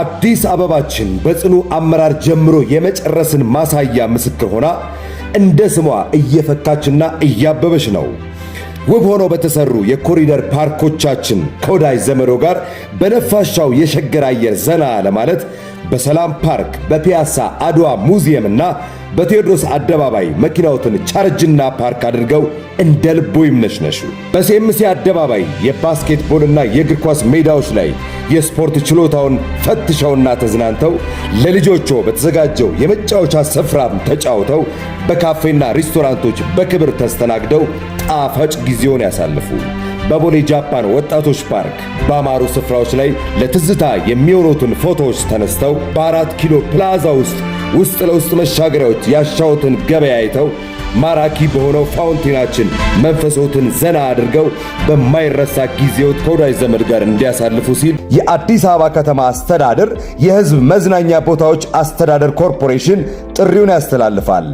አዲስ አበባችን በጽኑ አመራር ጀምሮ የመጨረስን ማሳያ ምስክር ሆና እንደ ስሟ እየፈካችና እያበበች ነው። ውብ ሆኖ በተሰሩ የኮሪደር ፓርኮቻችን ከወዳጅ ዘመዶ ጋር በነፋሻው የሸገር አየር ዘና ለማለት በሰላም ፓርክ፣ በፒያሳ አድዋ ሙዚየምና በቴዎድሮስ አደባባይ መኪናዎትን ቻርጅና ፓርክ አድርገው እንደ ልቦ ይምነሽነሹ። በሴምሴ አደባባይ የባስኬትቦልና የእግር ኳስ ሜዳዎች ላይ የስፖርት ችሎታውን ፈትሸውና ተዝናንተው ለልጆቹ በተዘጋጀው የመጫወቻ ስፍራም ተጫውተው በካፌና ሬስቶራንቶች በክብር ተስተናግደው ጣፋጭ ጊዜውን ያሳልፉ። በቦሌ ጃፓን ወጣቶች ፓርክ ባማሩ ስፍራዎች ላይ ለትዝታ የሚሆኑትን ፎቶዎች ተነስተው በአራት ኪሎ ፕላዛ ውስጥ ውስጥ ለውስጥ መሻገሪያዎች ያሻውትን ገበያ አይተው ማራኪ በሆነው ፋውንቴናችን መንፈሶትን ዘና አድርገው በማይረሳ ጊዜዎት ከወዳጅ ዘመድ ጋር እንዲያሳልፉ ሲል የአዲስ አበባ ከተማ አስተዳደር የሕዝብ መዝናኛ ቦታዎች አስተዳደር ኮርፖሬሽን ጥሪውን ያስተላልፋል።